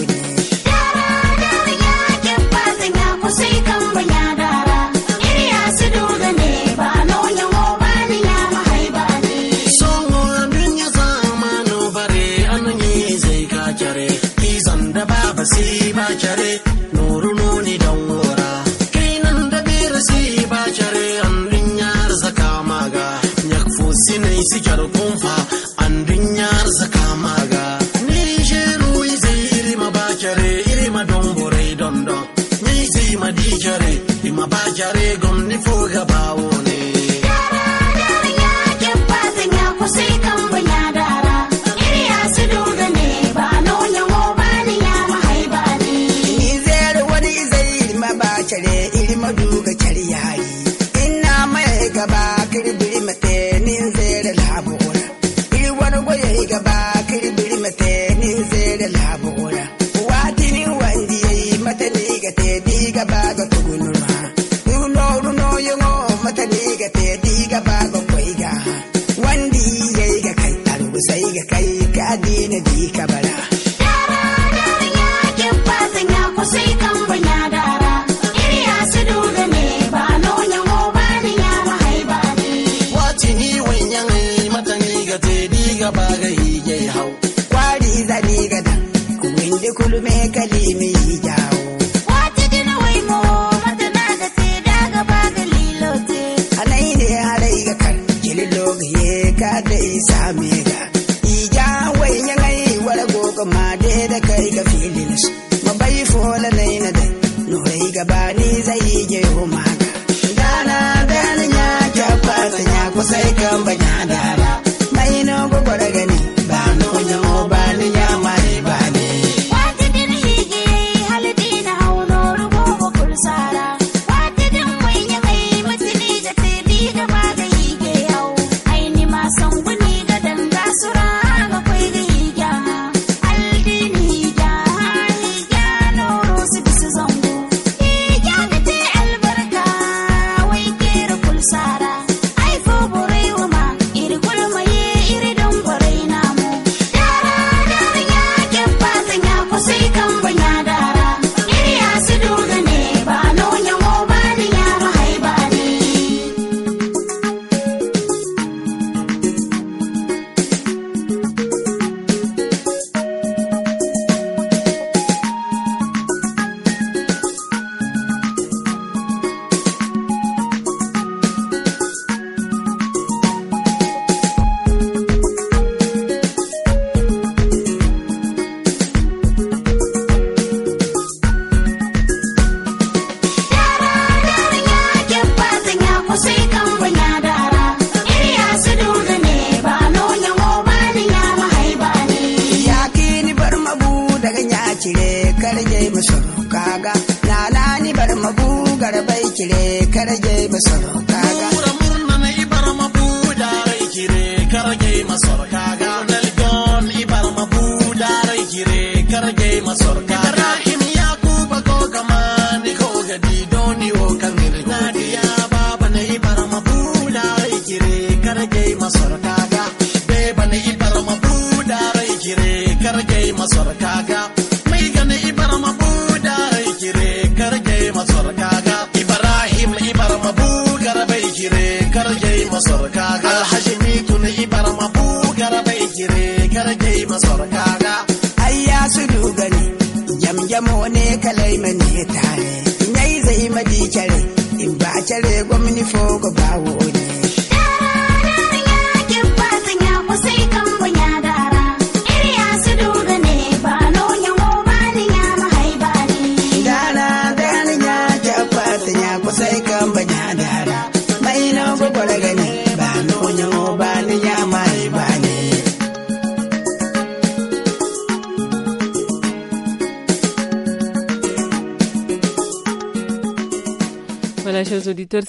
[SPEAKER 11] say am yeta nyai say ma di chare in ba chare go mini fo go ba wo oh,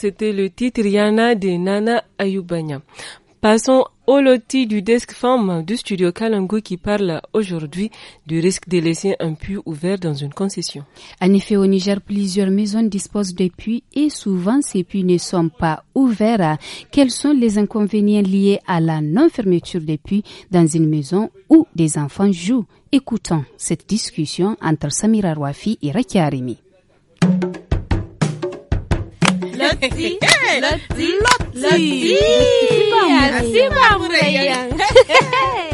[SPEAKER 2] c'était le titre Yana de Nana Ayubanya. Passons au loti du desk femme du studio Kalangu qui parle aujourd'hui du risque de laisser un puits ouvert dans une concession.
[SPEAKER 1] En effet, au Niger, plusieurs maisons disposent de puits et souvent ces puits ne sont pas ouverts. Quels sont les inconvénients liés à la non-fermeture des puits dans une maison où des enfants jouent Écoutons cette discussion entre Samira Rouafi et Rekia Arimi.
[SPEAKER 16] Lottie, Lottie, Lottie, Lotzi. Lotzi. Así vamos, Así vamos,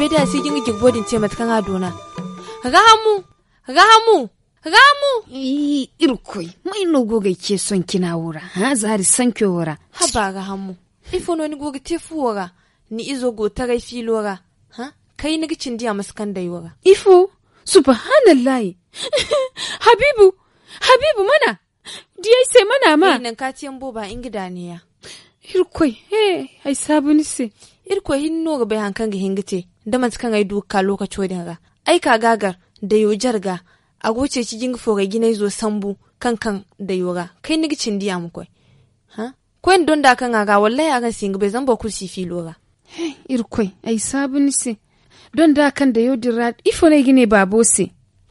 [SPEAKER 9] beda si gigbo din ce mata kan adona ramu ramu ramu yi irkoi mai no goga ke son kina
[SPEAKER 1] wura ha zari son ke wura
[SPEAKER 9] ha ba ramu no ni goga te wura, ni izo go tarai filora ha kai ni gicin diya maskan da wura. ifo
[SPEAKER 1] layi.
[SPEAKER 9] habibu habibu mana yi sai mana ma nan ka tiyan boba in gida ne ya irkoi he ai sabuni se irko hinno ga bai hankan ga hingite da man kan ai duka lokaci ga ai ka gagar da yo jarga a goce ci jinga foga gina zo sambu kan kan da yoga kai ni gicin diya mu koi ha koi don da kan ga wallahi akan singa bai zan ba ku si filo ga he irko ai sabun se don da kan da yo dira ifo ne gine babo se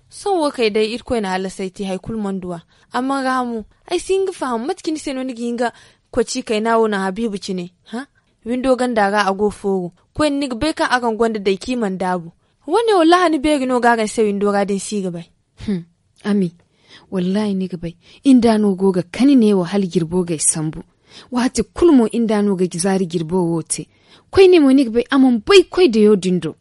[SPEAKER 9] son wo kai dai irko na halasai ti haikul manduwa amma ga mu ai singa fahimmat kin se no ni ginga kwaci kai nawo na habibu ci ne ha windo ganda ga ago fogo kwen ni be kan akan gwanda da kiman dabu wani wallahi ni gino ga gagan sai windo ga din siga bai hmm. ami wallahi ni gabai inda no goga kani ne wa hal girbo ga sambu wati kulmo inda no ga gizari girbo wote kwai ne mo ni gabai amon bai kwai da yo dindo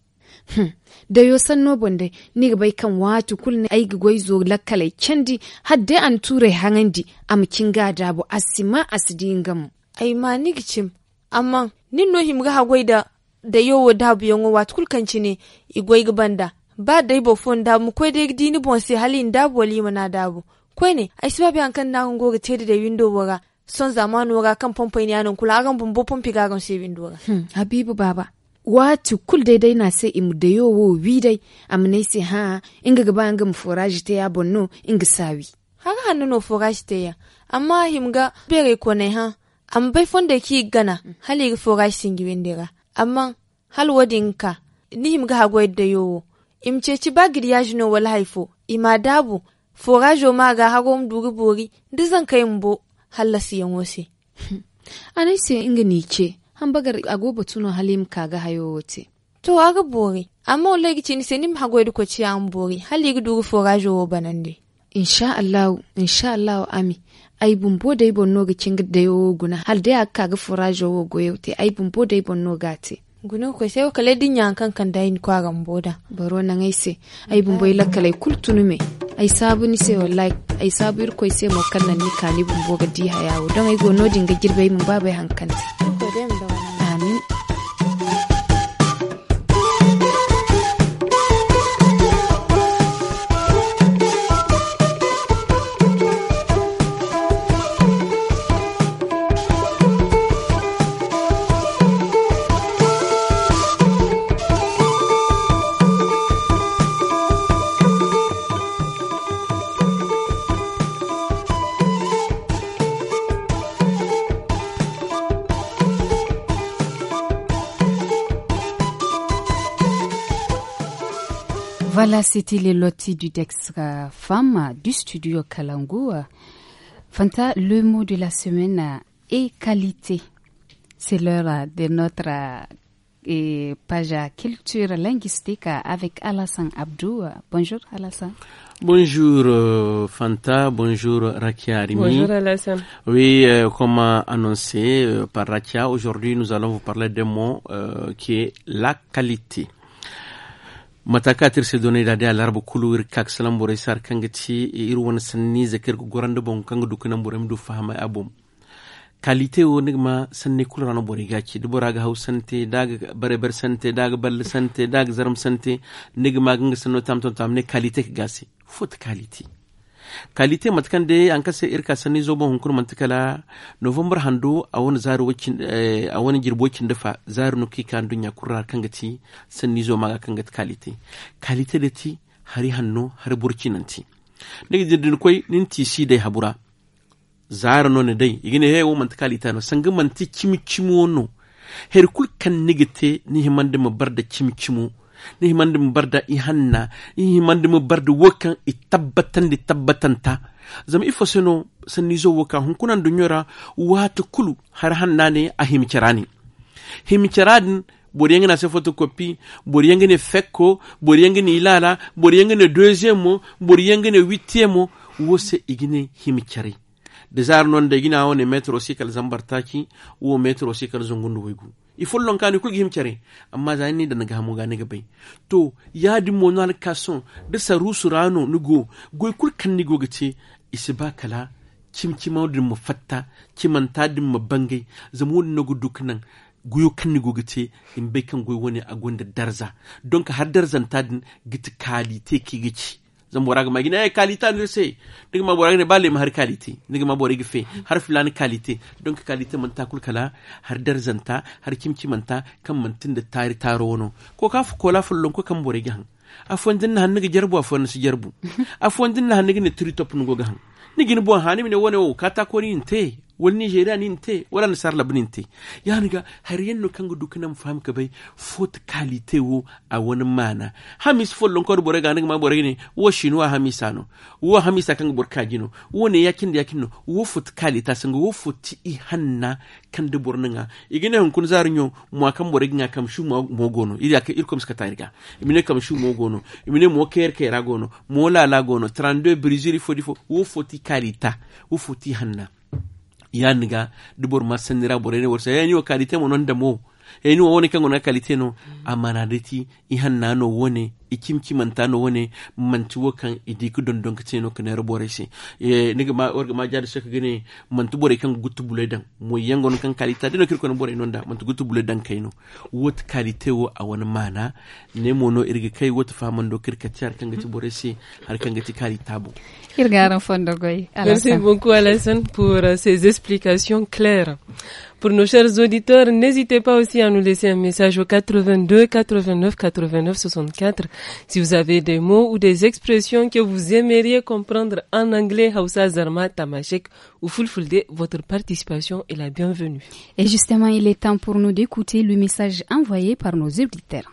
[SPEAKER 9] hmm. da yo san no bonde ni gabai kan wati kul ne ai gigoi zo lakkale kendi hadde an ture hangandi am kinga dabu asima asdingamu ai ma ni gicim amma nin no himga ha goida da yowo da biyongo wat kulkancine igoyga banda ba da bo fon da mu koy dai dini bon se halin da boli mana da bu koy ne ai siba bi kan na ngo ga tede da window wora son zamanu wora kan pompo ni anan kula gan bumbo pompi ga gan se window wora hmm, habibu baba wati kul dai na sai imu da yowo wi dai amne se ha inga gaba anga mu foraji te ya bonno inga sawi haka hannu no foraji te ya amma himga bere ko ne ha an bai fonda ki gana mm. hali foga singi wendera amma hal wadinka ni him ga hago da yowo imce ceci ba giryaji jino wal haifo ima dabu forajo ma ga hago m dugi bori zan kai mbo halla yan wose anai sai inga ni ce han bagar agoba tuno halim ga hayo wote to aga bori amma wallahi gici ni senim hago ko ci an bori hali ga dugi forajo wo banande insha Allah insha Allah ami ay bumbo day bonno ga cingde yo guna hal de akka ga forage wo goyewte ay bumbo day bonno gati guna ko sai kala din yan kan dayin kwa mboda. baro na ai se ay bumbo ila kala kultunu me ay sabu ni se wallahi ay sabu ir ko sai mo kan ni kani bumbo ga di hayawo don ay go nodin ga girbe mun babai hankanti
[SPEAKER 1] Voilà, c'était les lotis du Dex Femme du studio Kalangou. Fanta, le mot de la semaine est qualité. C'est l'heure de notre euh, page culture linguistique avec Alassane Abdou. Bonjour Alassane.
[SPEAKER 17] Bonjour euh, Fanta, bonjour Rakia Arimi. Bonjour Alassane. Oui, euh, comme annoncé par Rakia, aujourd'hui nous allons vous parler d'un mot qui est la qualité. mataka tir se donai da da larba kulu ir kak salam bore sar kanga ci e iri wani sanni zakir goranda bon kanga dukunan bore mdu fahama abum kalite wo nigma sanni kulrano bore gaci dubora ga hausante daga bare sante daga balle sante daga zaram sante nigma ganga sanno tam tam tam ne kalite gasi fut kalite kalite yi an kasa irka sani zo bon hunkur mantikala november hando a wani zaru wakin eh, a wani girbokin dafa zaru nuki kan dunya kurra kan gati sani zo maga kan gati kalite kalite da ti hari hannu har burkinan ti daga jirgin koi nin ti shi dai habura zaru no ne dai igine he wo mantikali ta no sanga manti kimi kimi wono kan nigite ni himande mabar da kimi ni himandi mu barda i hanna i himandi mu barda wokan i tabbatan di tabbatanta zama ifo seno sanni zo woka hunkunan dunyora watu kulu har hanna ne a himkirani himkiradin bori na se photocopie bori ne fekko bori ne ilala bori ne deuxième bori ne huitième wo se igine himkiri da non de gina wani metro sikal zambartaki wo metro sikal zungundu wigu i kan ni kulgi him cari amma zani da ga hamu gani bai to ya di monal al kason da saru surano go go kul kan ni gogace isi ba kala kim din mu fatta kimanta din mu bangai zamu na nan guyo kan ni gace in bai kan wani a gonda darza don ka har darzan ta din gita kali te ki gici zan bora ga magina ya kalita ne sai duk ma bora ne ba ma har kalite duk ma bora gife har fulani kalite don ka kalite man ta kulkala har darzanta har kimci manta kan mantin da tari taro wono ko ka fu kola fullon ko kan bora gihan afon din na hannu ga jarbu afon su jarbu afon din na hannu ga ne tri top nugo gahan ni gin bo hanimi ne wone o kata ko ni te wal nigeria ninte wala nasar labninte yaniga har yenno kango dukanam fam ka bay fot kalite wo a mana hamis fo lonkor bore ga ma bore ne wo shinwa hamisano wo hamisa kango bor kajino wo ne yakin da yakin wo fot kalita sango wo fot i hanna kan de bornga igine hun kun zarnyo mo kan bore ga kam shu mo gono ida ka irkom ska tariga imine kam shu mo gono imine mo ker ke ragono mo la la gono 32 brisiri fo wo fot kalita wo fot hanna yaniga dibor marsanira borene worsa yani wa kalite mo non damo yani wa woni kango na kalite no mm. amanadeti ihan nano wone ikim kimantano wone mantuwo kan idiku dondon kiteno kan erbore se e niga ma orga ma jadi sek gene mantu bore kan gutu bule dan mo yangon kan kalita dino kirko no bore nonda mantu gutu bule dan kaino wot kalite wo a mana ne mono irga kai wot faman do kirka tiar kan gati bore se har kan gati kalita bo
[SPEAKER 2] irga ran fondo goy merci beaucoup Alassane pour euh, ces explications claires Pour nos chers auditeurs, n'hésitez pas aussi à nous laisser un message au 82 89 89 64 si vous avez des mots ou des expressions que vous aimeriez comprendre en anglais, Hausa Zarma ou Fulfulde, votre participation est la bienvenue. Et justement,
[SPEAKER 1] il est temps pour nous d'écouter le message envoyé par
[SPEAKER 2] nos auditeurs.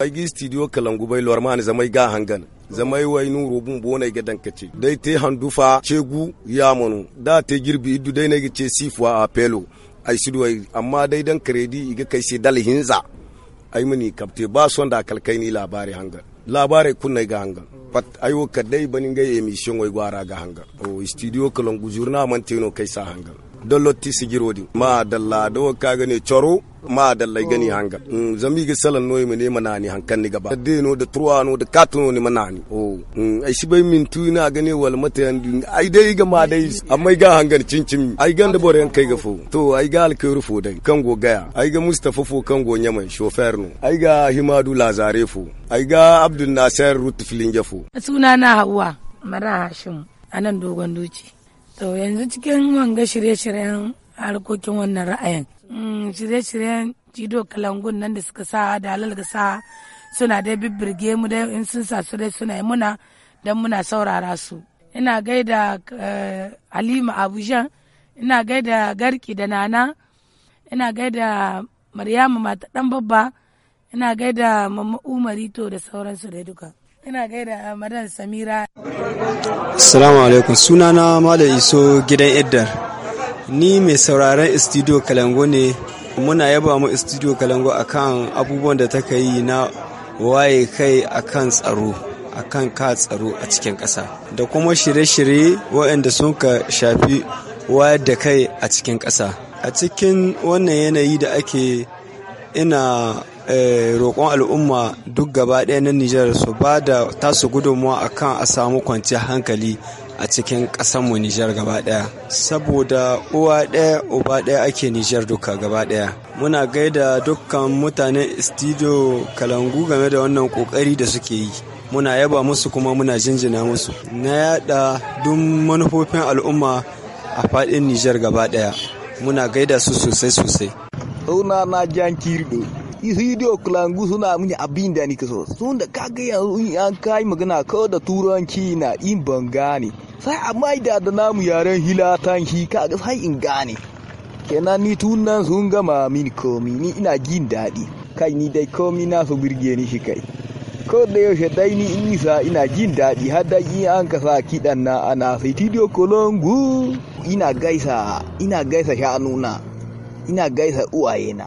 [SPEAKER 15] aigi studio kalangu bai lor mani zamai ga hangan zamai wai nu rubun bona ga dankace dai te handufa cegu ya monu da te girbi idu dai nagi ce sifwa a pelo ai sidu ai amma dai dan credit iga kai sai dal hinza ai muni kapte ba son da kalkai ni labari hangan labari kunna ga hangan pat ayo kadai banin ga emission wai gwara ga hangan o studio kalangu jurna man teno kai sa hangan dollotti sigirodi ma dalla do ka gane choro ma dalla gani oh. hanga mm, zami ga salan noy mene manani hankan ni gaba de no da trois no da no ni manani o oh. mm, ai shi bai min tu na gane wal mata yan ai dai ga ma dai amma ga hangan cincin ai ga da bore kai ga fo to ai ga alkairu fo dai kan go gaya ai ga mustafa fo kan go nyaman chauffeur no ai ga himadu lazare fo ai ga abdul nasir rutfilin jafo
[SPEAKER 11] sunana hawa mara hashim anan dogon duci To yanzu cikin wanga shirye-shiryen harkokin wannan ra'ayin. Mm, shirye-shiryen jido kalangun nan da suka sa da halal sa suna dai bibbirge mu dai in sun sa su dai suna yi muna don muna saurara su. Ina gaida eh, Halima Abujan, ina gaida Garki da Nana, ina gaida Maryamu mata dan babba, ina gaida Mamma Umarito da sauransu dai duka. ina gaida madan samira
[SPEAKER 15] assalamu alaikum sunana malam iso gidan iddar ni mai sauraron studio kalango ne muna yaba mu studio kalango akan abubuwan da ta yi na waye kai akan tsaro akan ka tsaro a cikin ƙasa da kuma shirye-shirye waɗanda sun ka shafi wayar da kai a cikin ƙasa a cikin wannan yanayi da ake ina Eh, roƙon al'umma duk gaba ɗaya na Nijar su ba da tasu gudunmuwa akan a samu kwanciyar hankali a cikin mu Nijar gaba ɗaya. Saboda uwa ɗaya uba ɗaya ake Nijar duka gaba ɗaya. Muna gaida dukkan mutanen studio Kalangu game da wannan ƙoƙari da suke yi. Muna yaba musu kuma muna jinjina musu. Na yaɗa duk manufofin al'umma a faɗin Nijar gaba ɗaya. Muna gaida su sosai sosai. Suna na Jan Kirdo. studio kulangu suna mini abin da nake so sun da kaga yanzu in an kai magana ko da turanci na in ban gane sai a maida da namu yaren hilatan shi kaga sai in gane kenan ni tunan sun gama mini komi ni ina jin daɗi kai ni dai komi na su birge ni shi kai ko da yaushe dai ni in isa ina jin daɗi har da in an kasa kiɗan na ana studio kolongu ina gaisa ina gaisa shanuna ina gaisa uwayena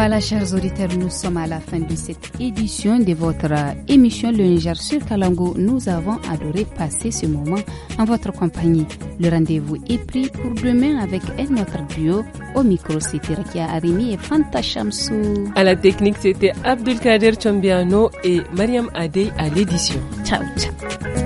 [SPEAKER 1] Voilà, chers auditeurs, nous sommes à la fin de cette édition de votre émission Le Niger sur Kalango. Nous avons adoré passer ce moment en votre compagnie. Le rendez-vous est pris pour demain avec un autre duo.
[SPEAKER 2] Au micro, c'était Rakia Arimi et Fanta Chamsou. À la technique, c'était Abdelkader Chambiano et Mariam Adey à l'édition. Ciao, ciao.